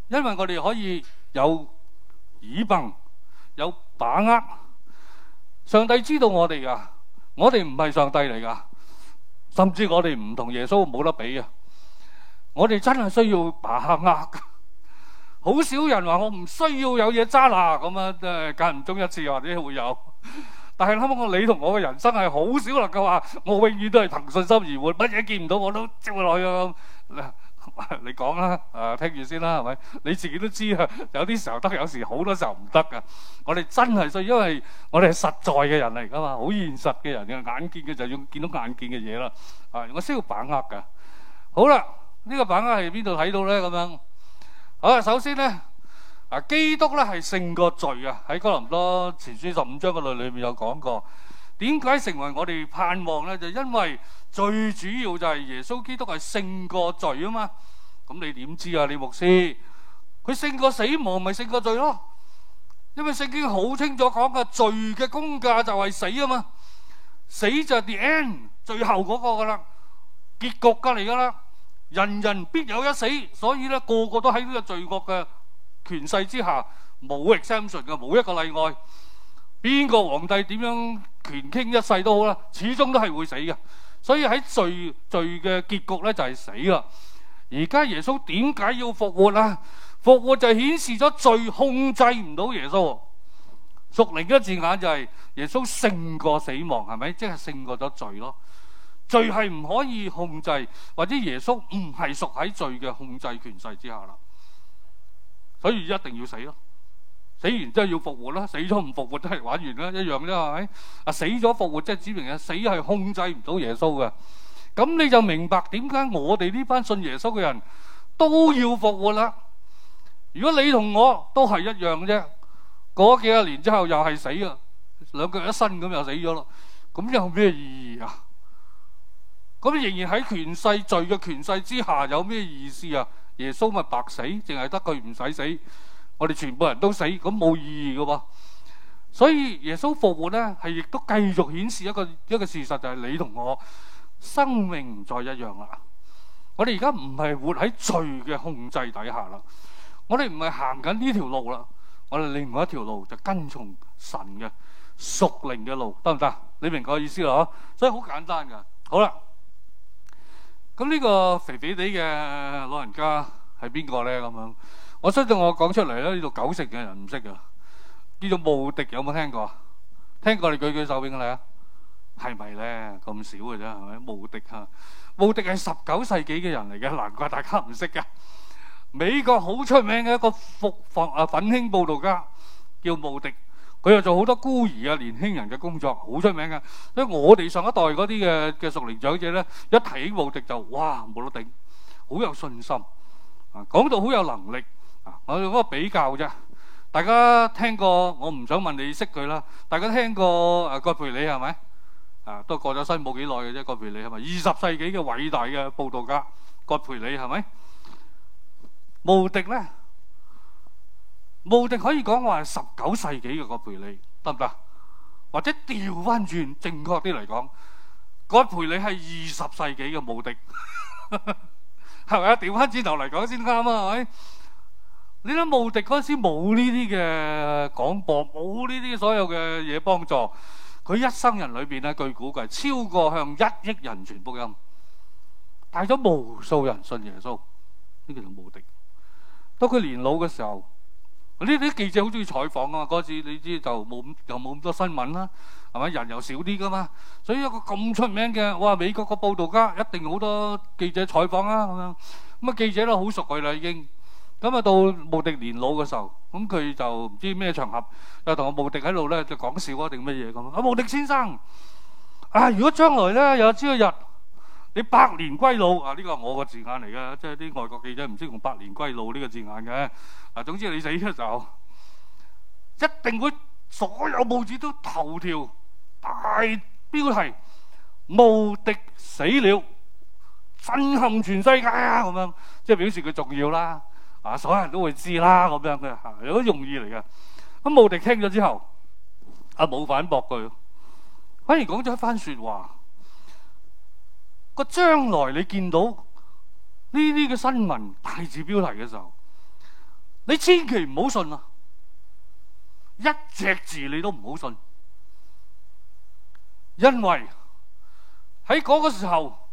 Speaker 1: 因為我哋可以。有倚傍，有把握。上帝知道我哋噶，我哋唔係上帝嚟噶，甚至我哋唔同耶穌冇得比啊！我哋真係需要把握噶。好少人話我唔需要有嘢揸嗱，咁啊，間唔中一次或者會有。但係諗下，你同我嘅人生係好少能夠話，我永遠都係憑信心而活，乜嘢見唔到我都接落去啊！ [laughs] 你講啦，誒、啊，聽住先啦，係咪？你自己都知啊，有啲時候得，有時好多時候唔得噶。我哋真係所以，因為我哋係實在嘅人嚟噶嘛，好現實嘅人，嘅眼見嘅就要見到眼見嘅嘢啦。啊，我需要把握噶。好啦，呢、呢個把握係邊度睇到咧？咁樣好啦，首先咧，啊，基督咧係勝過罪啊，喺哥林多前書十五章嘅裏裏面有講過。點解成為我哋盼望咧？就因為最主要就係耶穌基督係勝過罪啊嘛！咁你點知啊？李牧師佢勝過死亡，咪勝過罪咯？因為聖經好清楚講噶，罪嘅工價就係死啊嘛！死就係 the end，最後嗰個噶啦，結局噶嚟噶啦，人人必有一死，所以咧個個都喺呢個罪惡嘅權勢之下，冇 exception 嘅，冇一個例外。邊個皇帝點樣權傾一世都好啦，始終都係會死嘅。所以喺罪罪嘅結局咧就係死啦。而家耶穌點解要復活呀？復活就係顯示咗罪控制唔到耶穌。屬靈嘅字眼就係耶穌勝過死亡，係咪？即係勝過咗罪咯。罪係唔可以控制，或者耶穌唔係屬喺罪嘅控制權勢之下啦。所以一定要死咯。死完之後要復活啦，死咗唔復活都係玩完啦，一樣啫，係咪？啊，死咗復活指，即係指明啊，死係控制唔到耶穌嘅。咁你就明白點解我哋呢班信耶穌嘅人都要復活啦。如果你同我都係一樣啫，過幾廿年之後又係死啊，兩腳一伸咁又死咗咯，咁有咩意義啊？咁仍然喺權勢，罪嘅權勢之下，有咩意思啊？耶穌咪白死，淨係得佢唔使死。我哋全部人都死，咁冇意義嘅喎。所以耶穌復活咧，係亦都繼續顯示一個一個事實，就係、是、你同我生命唔再一樣啦。我哋而家唔係活喺罪嘅控制底下啦，我哋唔係行緊呢條路啦，我哋另外一條路就跟從神嘅屬靈嘅路，得唔得？你明白我意思啦、啊，所以好簡單噶。好啦，咁呢個肥肥哋嘅老人家係邊個呢？咁樣。我相信我講出嚟咧，呢度九成嘅人唔識嘅。叫做慕迪，有冇聽過？聽過你舉舉手俾我睇下，係咪咧？咁少嘅啫，係咪慕迪啊？慕迪係十九世紀嘅人嚟嘅，難怪大家唔識嘅。美國好出名嘅一個復放啊，奮興佈道家叫慕迪，佢又做好多孤兒啊、年輕人嘅工作，好出名嘅。所以我哋上一代嗰啲嘅嘅熟齡長者咧，一提起慕迪就哇冇得頂，好有信心啊，講到好有能力。我哋嗰個比較啫。大家聽過，我唔想問你識佢啦。大家聽過啊，葛培理係咪啊？都過咗身冇幾耐嘅啫。葛培理係咪二十世紀嘅偉大嘅佈道家？葛培理係咪？慕迪咧，慕迪可以講話係十九世紀嘅葛培理，得唔得？或者調翻轉，正確啲嚟講，葛培理係二十世紀嘅慕迪，係咪啊？調翻轉頭嚟講先啱啊？係咪？你諗慕迪嗰時冇呢啲嘅廣播，冇呢啲所有嘅嘢幫助，佢一生人裏邊咧，據估計超過向一億人傳福音，帶咗無數人信耶穌。呢個就慕迪。當佢年老嘅時候，呢啲記者好中意採訪啊嘛。嗰次你知就冇，又冇咁多新聞啦，係咪人又少啲噶嘛？所以有一個咁出名嘅，哇！美國個報道家一定好多記者採訪啊。咁樣。咁啊記者都好熟佢啦已經。咁啊，到慕迪年老嘅時候，咁佢就唔知咩場合，又同個慕迪喺度咧就講笑啊，定乜嘢咁啊？慕迪先生啊，如果將來咧有朝一日你百年歸老啊，呢個係我個字眼嚟㗎，即係啲外國記者唔識用百年歸老呢個字眼嘅啊。總之你死咗就一定會所有報紙都頭條大標題慕迪死了，震撼全世界啊！咁樣即係表示佢重要啦。啊！所有人都會知啦，咁樣嘅，嚇，有啲用意嚟嘅。咁穆迪聽咗之後，阿武反駁佢，反而講咗一番説話，個將來你見到呢啲嘅新聞大字標題嘅時候，你千祈唔好信啊！一隻字你都唔好信，因為喺嗰個時候，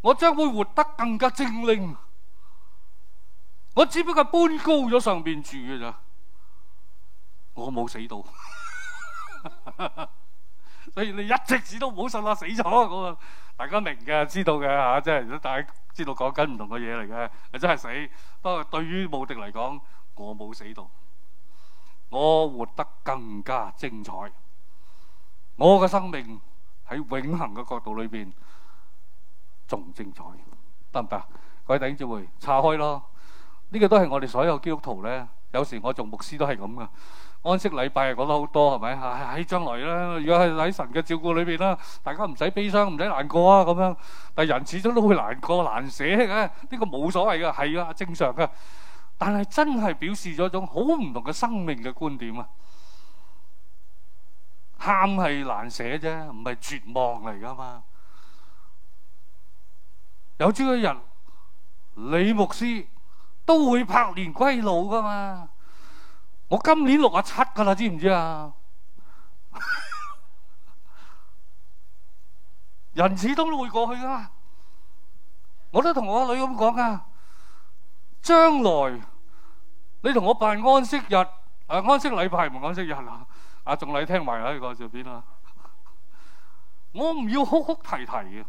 Speaker 1: 我將會活得更加精靈。我只不過搬高咗上邊住嘅咋，我冇死到， [laughs] [laughs] 所以你一直子都唔好信啦，死咗咁啊！大家明㗎，知道嘅吓，即係如果大家知道講緊唔同嘅嘢嚟嘅，係真係死。不過對於武敵嚟講，我冇死到，我活得更加精彩。我嘅生命喺永恆嘅角度裏邊仲精彩，得唔得？佢頂住會岔開咯。呢個都係我哋所有基督徒咧，有時我做牧師都係咁噶安息禮拜又講得好多，係咪？喺將來咧，如果係喺神嘅照顧裏邊咧，大家唔使悲傷，唔使難過啊，咁樣。但係人始終都會難過難捨嘅，呢個冇所謂噶，係啊，正常噶。但係真係表示咗一種好唔同嘅生命嘅觀點啊！喊係難捨啫，唔係絕望嚟噶嘛。有呢個人，李牧師。都會百年歸老㗎嘛？我今年六十七㗎喇，知唔知啊？ [laughs] 人始終都會過去㗎。我都同我女咁講啊。將來你同我辦安息日啊，安息禮拜唔安息日啊？阿、啊、仲禮聽埋啦，呢個就變啦？我唔要哭哭啼啼嘅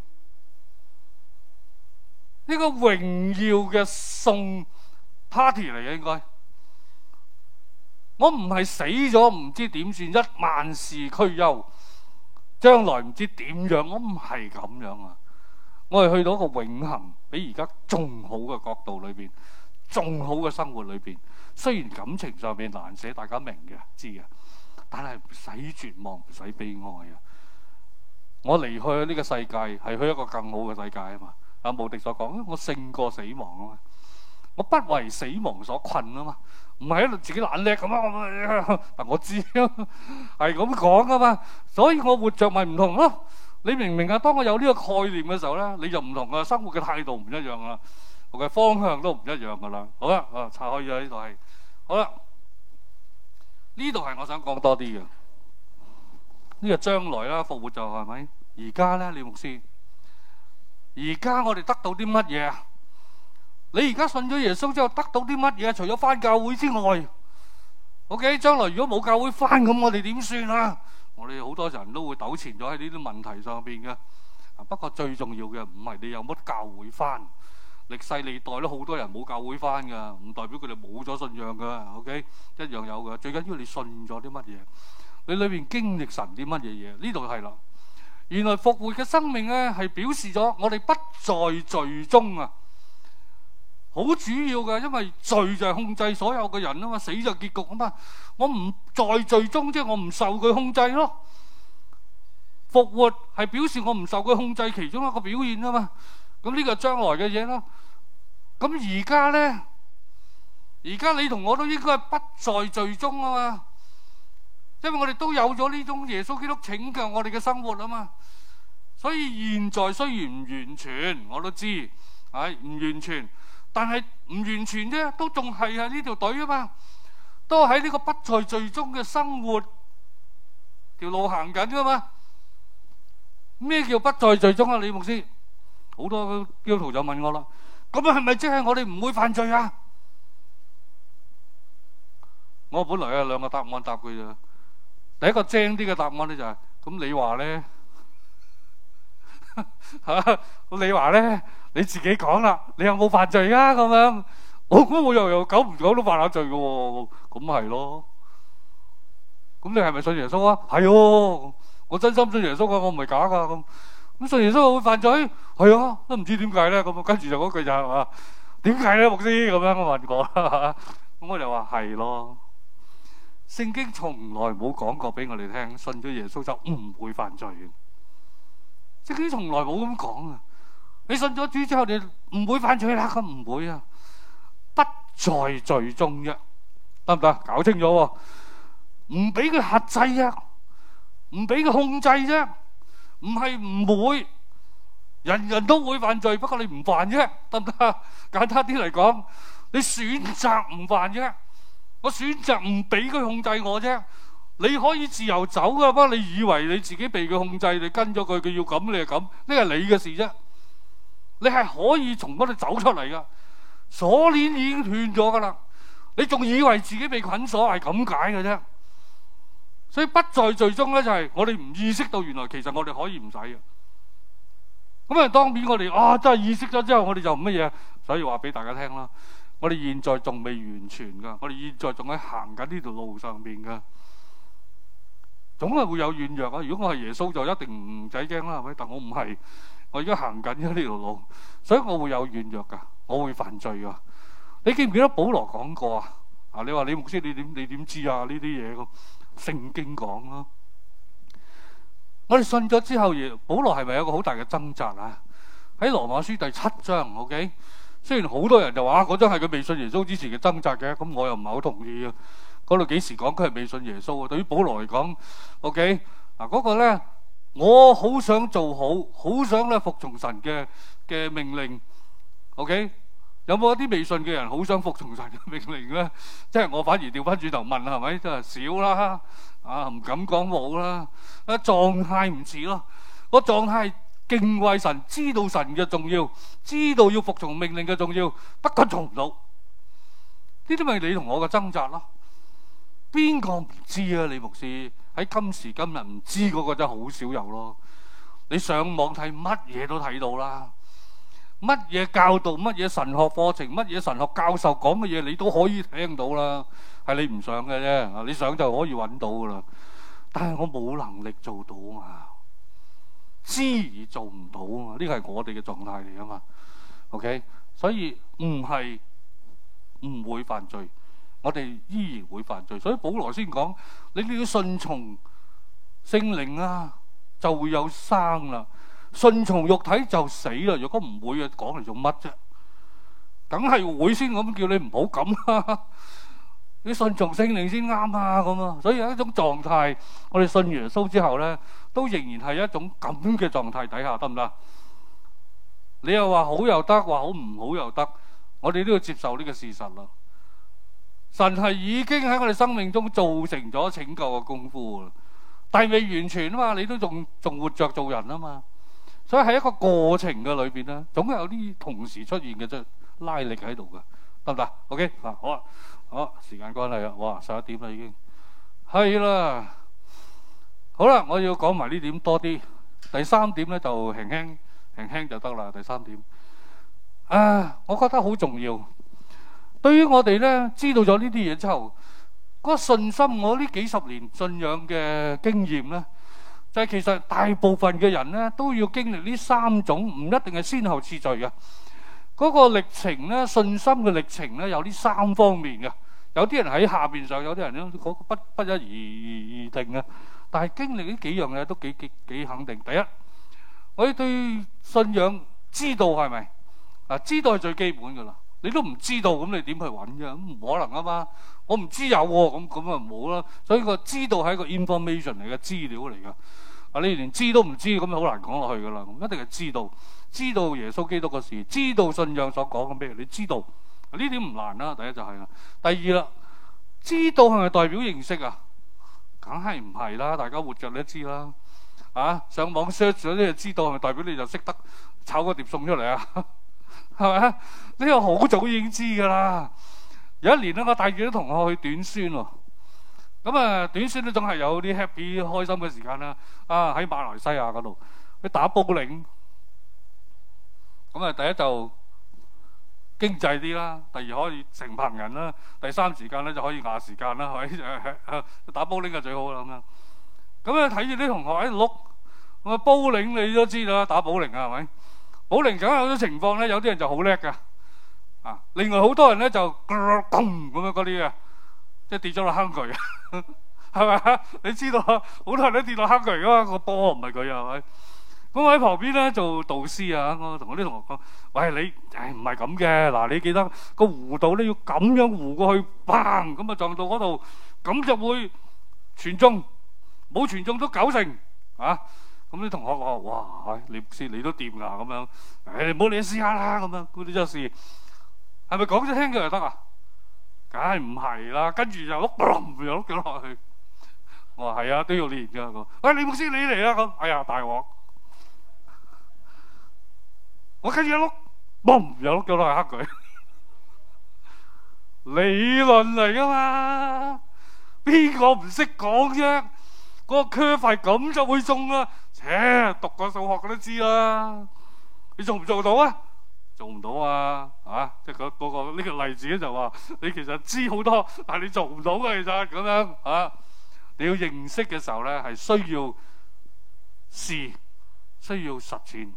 Speaker 1: 呢、這個榮耀嘅送。party 嚟嘅應該，我唔係死咗唔知點算，一萬事俱休，將來唔知點樣，我唔係咁樣啊，我係去到一個永恆，比而家仲好嘅角度裏邊，仲好嘅生活裏邊，雖然感情上面難寫，大家明嘅知嘅，但係唔使絕望，唔使悲哀啊！我離開呢個世界，係去一個更好嘅世界啊嘛！阿無迪所講，我勝過死亡啊嘛！我不為死亡所困啊嘛，唔係喺度自己懶叻咁啊！嗱，我知係咁講噶嘛，所以我活着咪唔同咯。你明唔明啊？當我有呢個概念嘅時候咧，你就唔同啦，生活嘅態度唔一樣啦，我嘅方向都唔一樣噶啦，好啦啊，拆開咗呢度係，好啦，呢度係我想講多啲嘅，呢個將來啦復活就係咪？而家咧，李牧師，而家我哋得到啲乜嘢啊？你而家信咗耶穌之後得到啲乜嘢？除咗返教會之外，OK，將來如果冇教會返咁，我哋點算啊？我哋好多時人都會糾纏咗喺呢啲問題上邊嘅。啊，不過最重要嘅唔係你有乜教會返，歷世歷代都好多人冇教會返噶，唔代表佢哋冇咗信仰噶。OK，一樣有噶。最緊要你信咗啲乜嘢？你裏邊經歷神啲乜嘢嘢？呢度係啦，原來復活嘅生命咧係表示咗我哋不在罪中啊！好主要嘅，因為罪就係控制所有嘅人啊嘛，死就結局啊嘛。我唔在罪中，即係我唔受佢控制咯。復活係表示我唔受佢控制，其中一個表現啊嘛。咁呢個係將來嘅嘢咯。咁而家呢，而家你同我都應該係不在罪中啊嘛。因為我哋都有咗呢種耶穌基督拯救我哋嘅生活啊嘛。所以現在雖然唔完全，我都知係唔完全。但係唔完全啫，都仲係喺呢條隊啊嘛，都喺呢個不再罪中嘅生活條路行緊噶嘛。咩叫不再罪中啊？李牧師，好多基督徒就問我啦。咁啊，係咪即係我哋唔會犯罪啊？我本來有兩個答案答佢啫。第一個精啲嘅答案咧就係：咁你話咧？吓， [music] 你話咧，你自己講啦，你有冇犯罪啊咁樣。我我又又久唔久都犯下罪嘅喎、哦，咁係咯，咁你係咪信耶穌啊？係、嗯、哦，我真心信耶穌啊，我唔係假噶。咁，咁信耶穌、啊、會犯罪？係、嗯、啊，都唔知點解咧，咁跟住就嗰句就係話，點解咧牧師咁樣我問過，咁我就話係咯，聖經從來冇講過俾我哋聽，信咗耶穌就唔會犯罪。呢啲從來冇咁講啊！你信咗主之後，你唔會犯罪啦，咁唔會啊，不在罪中啫，得唔得？搞清楚喎，唔俾佢轄制啊，唔俾佢控制啫，唔係唔會，人人都會犯罪，不過你唔犯啫，得唔得？簡單啲嚟講，你選擇唔犯啫，我選擇唔俾佢控制我啫。你可以自由走噶，不過你以為你自己被佢控制，你跟咗佢，佢要咁你就咁呢？係你嘅事啫。你係可以從嗰度走出嚟噶。鎖鏈已經斷咗噶啦，你仲以為自己被捆鎖係咁解嘅啫。所以不再最終呢，就係、是、我哋唔意識到原來其實我哋可以唔使嘅。咁啊，當面我哋啊真係意識咗之後，我哋就唔乜嘢。所以話俾大家聽啦，我哋現在仲未完全噶，我哋現在仲喺行緊呢條路上邊噶。總係會有軟弱啊！如果我係耶穌就一定唔使驚啦，係咪？但我唔係，我而家行緊呢條路，所以我會有軟弱噶，我會犯罪啊！你記唔記得保羅講過啊？啊，你話你李牧師你點你點知啊？呢啲嘢，聖經講咯、啊。我哋信咗之後，耶保羅係咪有個好大嘅掙扎啊？喺羅馬書第七章，OK。雖然好多人就話嗰章係佢未信耶穌之前嘅掙扎嘅，咁我又唔係好同意啊。嗰度幾時講佢係未信耶穌啊？對於保羅嚟講，OK，嗱嗰個咧，我好想做好，好想咧服從神嘅嘅命令，OK，有冇一啲未信嘅人好想服從神嘅命令咧？即係我反而調翻轉頭問，係咪？真係少啦，啊，唔敢講冇啦，啊，狀態唔似咯，個狀態敬畏神，知道神嘅重要，知道要服從命令嘅重要，不過做唔到，呢啲咪你同我嘅掙扎咯。邊個唔知啊？李牧師喺今時今日唔知嗰個真係好少有咯。你上網睇乜嘢都睇到啦，乜嘢教導、乜嘢神學課程、乜嘢神學教授講嘅嘢，你都可以聽到啦。係你唔上嘅啫，你上就可以揾到噶啦。但係我冇能力做到啊，知而做唔到啊，呢個係我哋嘅狀態嚟啊嘛。OK，所以唔係唔會犯罪。我哋依然會犯罪，所以保羅先講：你你要信從聖靈啊，就會有生啦；信從肉體就死啦。如果唔會啊，講嚟做乜啫？梗係會先咁叫你唔好咁啦。你信從聖靈先啱啊，咁啊。所以有一種狀態。我哋信耶穌之後咧，都仍然係一種咁嘅狀態底下，得唔得？你又話好又得，話好唔好又得，我哋都要接受呢個事實啦。神係已經喺我哋生命中造成咗拯救嘅功夫啦，但係未完全啊嘛，你都仲仲活着做人啊嘛，所以喺一個過程嘅裏邊咧，總係有啲同時出現嘅即係拉力喺度噶，得唔得？OK 嗱，好啦，好啊，時間關係啦，哇，十一點啦已經，係啦，好啦，我要講埋呢點多啲。第三點咧就輕輕輕輕就得啦。第三點啊，我覺得好重要。對於我哋咧，知道咗呢啲嘢之後，嗰個信心，我呢幾十年信仰嘅經驗咧，就係其實大部分嘅人咧都要經歷呢三種，唔一定係先後次序嘅。嗰個歷程咧，信心嘅歷程咧，有呢三方面嘅。有啲人喺下邊上，有啲人咧，嗰不不一而而而定嘅。但係經歷呢幾樣嘢都幾幾幾肯定。第一，我哋對信仰知道係咪啊？知道係最基本㗎啦。你都唔知道，咁你點去揾嘅？咁唔可能啊嘛！我唔知有喎、啊，咁咁啊冇啦。所以個知道係一個 information 嚟嘅資料嚟嘅。啊，你連知都唔知道，咁咪好難講落去噶啦。咁一定係知道，知道耶穌基督個事，知道信仰所講嘅咩，你知道。呢點唔難啦、啊。第一就係啦，第二啦，知道係咪代表認識啊？梗係唔係啦？大家活著你都知啦。啊，上網 search 咗咧，你知道係咪代表你就識得炒個碟送出嚟啊？係咪啊？呢、這個好早已經知㗎啦。有一年咧，我帶住啲同學去短宣喎。咁、嗯、啊，短宣都總係有啲 happy 開心嘅時間啦。啊，喺馬來西亞嗰度去打保齡。咁、嗯、啊，第一就經濟啲啦，第二可以成棚人啦，第三時間咧就可以壓時間啦，係、嗯、咪？打保齡就最好啦咁樣。咁、嗯、啊，睇住啲同學喺度碌。我保齡你都知啦，打保齡啊，係咪？好靈巧啊！有啲情況咧，有啲人就好叻噶，啊！另外好多人咧就咁咁樣嗰啲啊，即係跌咗落坑渠，係 [laughs] 咪你知道啊？好多人都跌落坑渠噶嘛，個波唔係佢啊，係咪？咁我喺旁邊咧做導師啊，我同我啲同學講：，喂，你，誒唔係咁嘅，嗱，你記得、個弧度咧要咁樣弧過去，嘭咁啊撞到嗰度，咁就會傳中，冇傳中都九成，啊！咁啲同學話：，哇，李牧師你都掂噶咁樣，誒，唔好你試下啦咁樣。嗰啲真係試，係咪講咗聽咗就得啊？梗係唔係啦。跟住就碌嘣又碌咗落去。我話係啊，都要練㗎。我喂李牧師，你嚟啦。我哎呀大鑊，我跟住一碌嘣又碌咗落去黑佢。理論嚟噶嘛？邊個唔識講啫？嗰個 curve 咁就會中啦。切，讀過數學嘅都知啦。你做唔做到啊？做唔到啊？啊！即係嗰嗰個呢個例子咧，就話你其實知好多，但係你做唔到嘅其實咁樣啊。你要認識嘅時候咧，係需要試，需要實踐。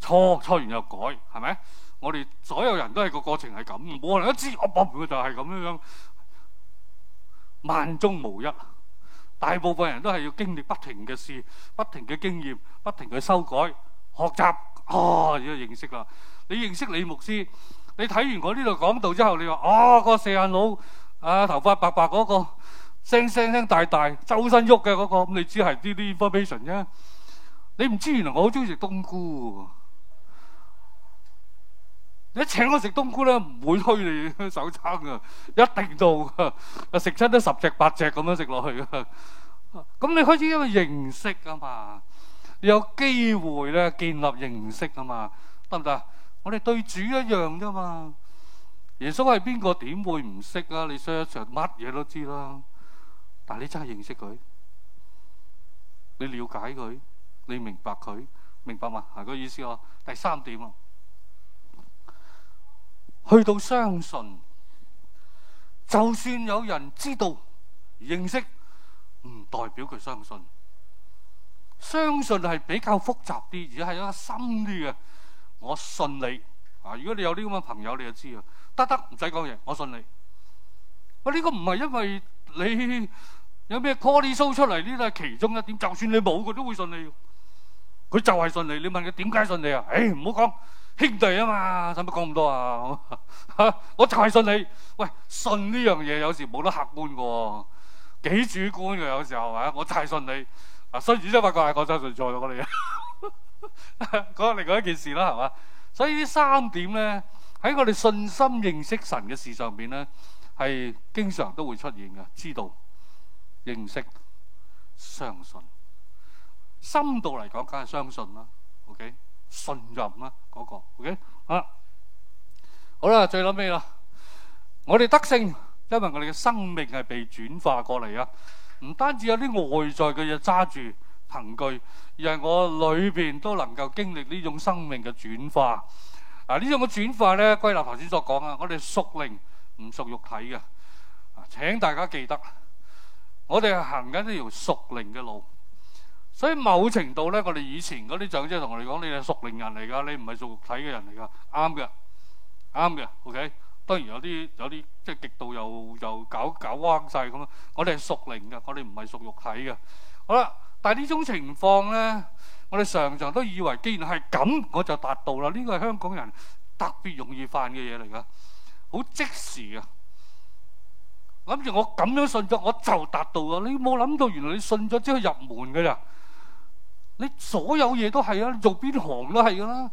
Speaker 1: 錯，錯完又改，係咪？我哋所有人都係個過程係咁，冇人一知，就係咁樣，萬中無一。大部分人都係要經歷不停嘅事、不停嘅經驗、不停嘅修改、學習。啊，要認識啦！你認識李牧師，你睇完我呢度講道之後，你話啊，個四眼佬啊，頭髮白白嗰個，聲聲聲大大，周身喐嘅嗰個，咁你知係啲啲 information 啫。你唔知原來我好中意食冬菇。你請我食冬菇咧，唔會虛你手撐噶，一定到啊！食親都十隻八隻咁樣食落去啊！咁你開始一個認識啊嘛，你有機會咧建立認識啊嘛，得唔得？我哋對主一樣啫嘛。耶穌係邊個？點會唔識啊？你想一場乜嘢都知啦。但係你真係認識佢，你了解佢，你明白佢，明白嘛？係、就是、個意思啊！第三點啊。去到相信，就算有人知道、認識，唔代表佢相信。相信係比較複雜啲，而且係一個深啲嘅。我信你啊！如果你有啲咁嘅朋友，你就知啊。得得唔使講嘢，我信你。我、啊、呢、這個唔係因為你有咩 call 你 show 出嚟，呢都係其中一點。就算你冇，佢都會信你。佢就係信你。你問佢點解信你啊？誒、欸，唔好講。兄弟啊嘛，使乜講咁多啊？ [laughs] 我就係信你。喂，信呢樣嘢有時冇得客觀嘅，幾主觀嘅有時候啊。我就係信你。啊，所以而家發覺係我真係做錯咗我哋。講 [laughs] 另外一件事啦，係嘛？所以呢三點咧，喺我哋信心認識神嘅事上邊咧，係經常都會出現嘅。知道、認識、相信，深度嚟講，梗係相信啦。OK。信任啦，嗰個，OK，啊，那個、okay? 好啦，再諗咩啦？我哋得勝，因為我哋嘅生命係被轉化過嚟啊！唔單止有啲外在嘅嘢揸住憑據，而係我裏面都能夠經歷呢種生命嘅轉化。啊，呢種嘅轉化呢，歸納頭先所講啊，我哋屬靈唔屬肉體嘅。啊，請大家記得，我哋係行緊呢條屬靈嘅路。所以某程度咧，我哋以前嗰啲長者同我哋講，你係屬靈人嚟㗎，你唔係屬肉體嘅人嚟㗎，啱嘅，啱嘅。OK，當然有啲有啲即係極度又又搞搞彎晒，咁咯。我哋係屬靈嘅，我哋唔係屬肉體嘅。好啦，但係呢種情況咧，我哋常常都以為，既然係咁，我就達到啦。呢個係香港人特別容易犯嘅嘢嚟㗎，好即時啊！諗住我咁樣信咗，我就達到啦。你冇諗到，原來你信咗之後入門㗎咋。你所有嘢都係啊，你做邊行都係噶啦，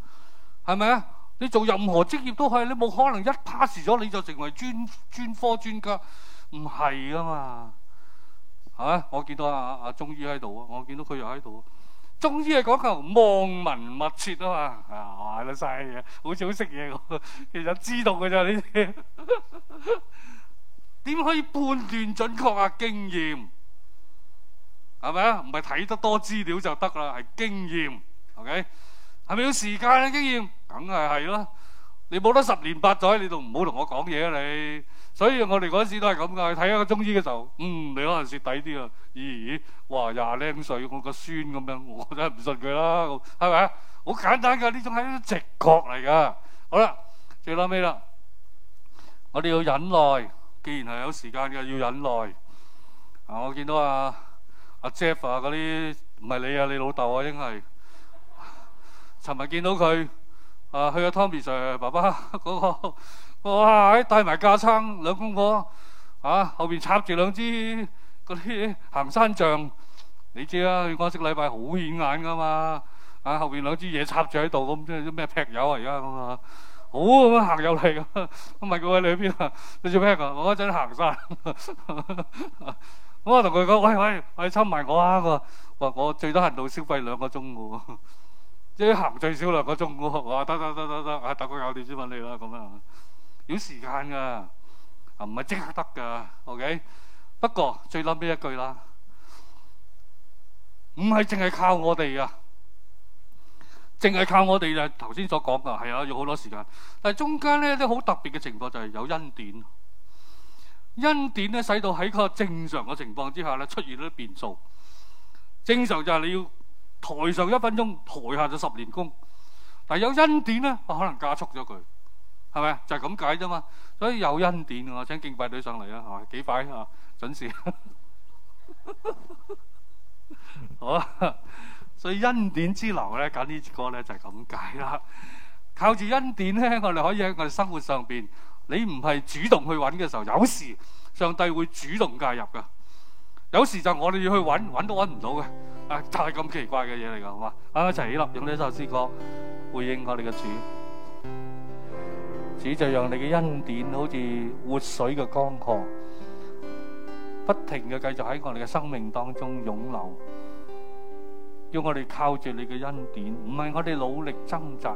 Speaker 1: 係咪啊？你做任何職業都係，你冇可能一 pass 咗你就成為專專科專家，唔係噶嘛啊？啊，我見到阿阿中醫喺度啊，我見到佢又喺度。中醫係講求望聞問切啊嘛，啊，玩晒嘢，好少識嘢，其實知道噶咋呢啲？點可以判斷準確啊？經驗。係咪啊？唔係睇得多資料就得啦，係經驗。OK，係咪有時間嘅、啊、經驗？梗係係咯。你冇得十年八載，你都唔好同我講嘢啊！你所以我，我哋嗰時都係咁噶。睇一個中醫嘅時候，嗯，你可能蝕底啲啊。咦？哇，廿零歲我個孫咁樣，我真係唔信佢啦。係咪啊？好簡單噶，呢種係直覺嚟噶。好啦，最孻尾啦，我哋要忍耐。既然係有時間嘅，要忍耐。啊，我見到啊。阿 Jeff 啊，嗰啲唔係你啊，你老豆啊，應該係。尋日見到佢啊，去阿 Tommy Sir 爸爸嗰、嗰個嗰個，哇！帶埋架撐兩公婆啊，後邊插住兩支嗰啲行山杖，你知啦，嗰一禮拜好顯眼噶嘛。啊，後邊兩支嘢插住喺度，咁即係啲咩劈友啊？而家咁啊，好咁行友嚟噶，唔係佢喺邊啊？啊你做咩噶？我嗰陣行山。 [laughs] 我同佢講：喂喂喂，侵埋我啊！佢話：我最多行到消費兩個鐘嘅喎，即係行最少兩個鐘。我話得得得得得，等佢搞掂先揾你啦。咁樣啊，要時間㗎，啊唔係即刻得㗎。OK，不過最諗呢一句啦，唔係淨係靠我哋㗎，淨係靠我哋就頭先所講㗎。係啊，要好多時間。但係中間呢有啲好特別嘅情況，就係有恩典。恩典咧，使到喺個正常嘅情況之下咧，出現咗變數。正常就係你要台上一分鐘，台下就十年功。但係有恩典咧，我可能加速咗佢，係咪啊？就係咁解啫嘛。所以有恩典，我請敬拜隊上嚟啦，係嘛，幾快吓啊，準時。 [laughs] 好啊，所以恩典之流咧，揀呢支歌咧就係、是、咁解啦。靠住恩典咧，我哋可以喺我哋生活上邊。你唔係主動去揾嘅時候，有時上帝會主動介入噶。有時就我哋要去揾，揾都揾唔到嘅。啊，就係咁奇怪嘅嘢嚟噶，好嘛？啊，一齊起立，用呢一首詩歌回應我哋嘅主。 [music] 主就讓你嘅恩典好似活水嘅江河，不停嘅繼續喺我哋嘅生命當中湧流。要我哋靠住你嘅恩典，唔係我哋努力掙扎。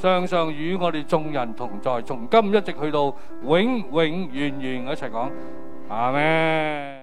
Speaker 1: 常常與我哋眾人同在，從今一直去到永永遠遠，一齊講，阿們。